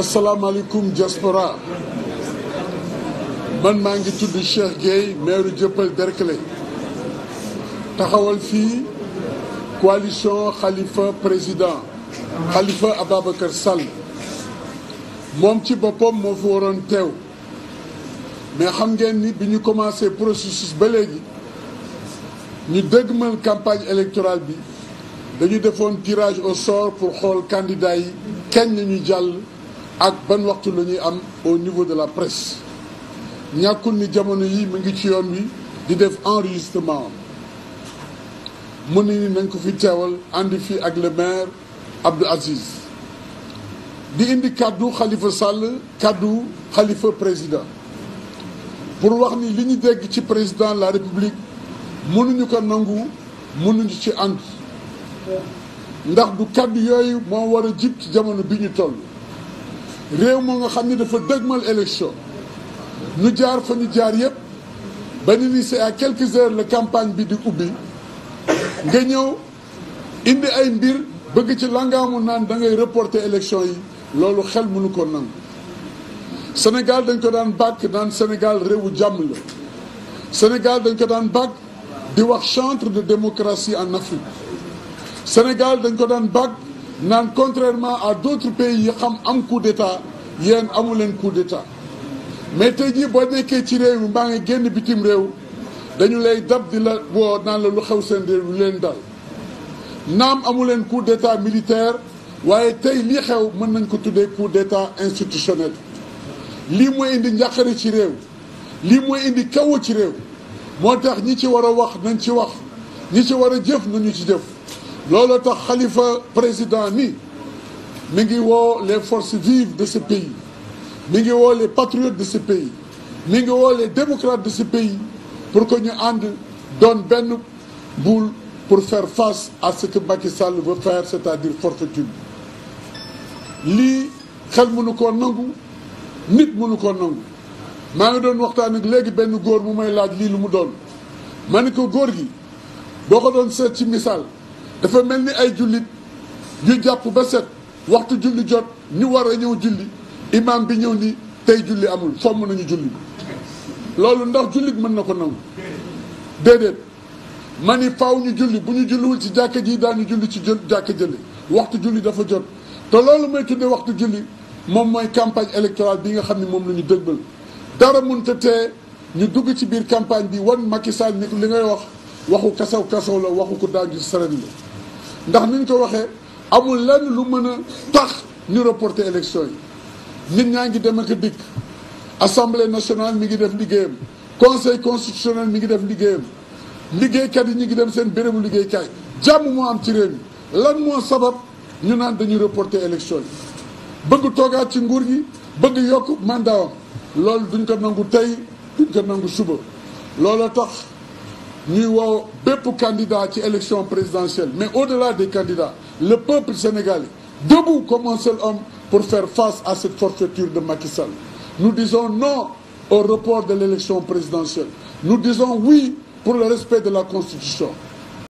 asalaamaaleykum diaspora man maa ngi tudd Cheikh Gueye maire Dieuppeul Derklé taxawal fii coalition Khalifa président Khalifa Ababacar Sall moom ci boppam moo fi waroon teew mais xam ngeen ni bi ñu commencé processus ba léegi ñu dëgmal campagne électoral bi dañu defoon tirage au sort pour xool candidat yi kenn ñu jàll ak ban waxtu la ñuy am au niveau de la presse ñàkkul ni jamono yi mu ngi ci yoon wi di def enregistrement mën nañu nañ ko fi teewal àndi fii ak le maire Abdou Aziz di indi kàddu xalifa Sall kàddu xalifa président pour wax ni li ñu dégg ci président de la république mënuñu ko nangu mënuñu ci ànd ndax du kàddu yooyu moo war a jib ci jamono bi ñu toll. réew moo xam ne dafa dëgmal élection ñu jaar fa ñu jaar yëpp ba ni à quelques heures la campagne bi di ubbi nga ñëw indi ay mbir bëgg ci langaamu naan da ngay reporter élection yi loolu xel mënu ko nangu Sénégal dañ ko daan bàkk naan Sénégal réewu jàmm Sénégal dañ ko daan bàkk di wax chantre de démocratie en Afrique Sénégal dañ ko daan naan contrairement à d'autres pays yi xam am coup d'état yéen amu leen coup d'état mais tey jii boo nekkee ci réew mi mbaa ngi génn bitim réew dañu lay dab di la woo naan la lu xew seen réew lu leen dal naam amu leen coup d'état militaire waaye tey lii xew mën nañ ko tuddee coup d'état institutionnel lii mooy indi njàqare ci réew lii mooy indi kaw ci réew moo tax ñi ci war a wax nañ ci wax ñi ci war a jëf nañu ci jëf loolu tax xalifa président ni mi ngi woo les forces vives de ce pays mi ngi woo les patriotes de ce pays mi ngi woo les démocrates de ce pays pour que ñu ànd doon benn boule pour faire face à ce que Macky Sall veut faire c'est-à-dire fortitude lii xel mënu koo nangu nit mënu koo nangu maa ngi doon waxtaan ak léegi benn góor mu may laaj lii lu mu doon ma ni ko góor gi boo ko doon seet ci misaal dafa mel ni ay jullit yu jàpp ba set waxtu julli jot ñu war a ñëw julli imaam bi ñëw ni tey julli amul fomm nañu julli loolu ndax jullit mën na ko nangu déedéet ma ni faw ñu julli bu ñu julliwul ci jàkka ji daañu julli ci jàkk jële waxtu julli dafa jot te loolu mooy tuddee waxtu julli moom mooy campagne électorale bi nga xam ne moom la ñu dëgbal dara mënta tee ñu dugg ci biir campagne bi wan Macky Sall ni li ngay wax waxu kasaw kasaw la waxu ko daaju saret la ndax ni ñu ko waxee amul lenn lu mën a tax ñu reporter élection yi nit ñaa ngi dem ak dikk assemblée nationale mi ngi def liggéeyam conseil constitutionnel mi ngi def liggéeyam liggéeykat yi ñu ngi dem seen liggéey liggéeykaay jàmm moo am ci réew mi lan moo sabab ñu naan dañuy reporter élection yi bëgg toogaat ci nguur gi bëgg yokk mandat am loolu duñ ko nangu tey duñ ko nangu suba looloo tax ñuy woo bépp candidat ci élection présidentielle mais au-delà des candidats le peuple sénégalais debout comme un seul homme pour faire face à cette forfaiture de Macky Sall nous disons non au report de l'élection présidentielle nous disons oui pour le respect de la Constitution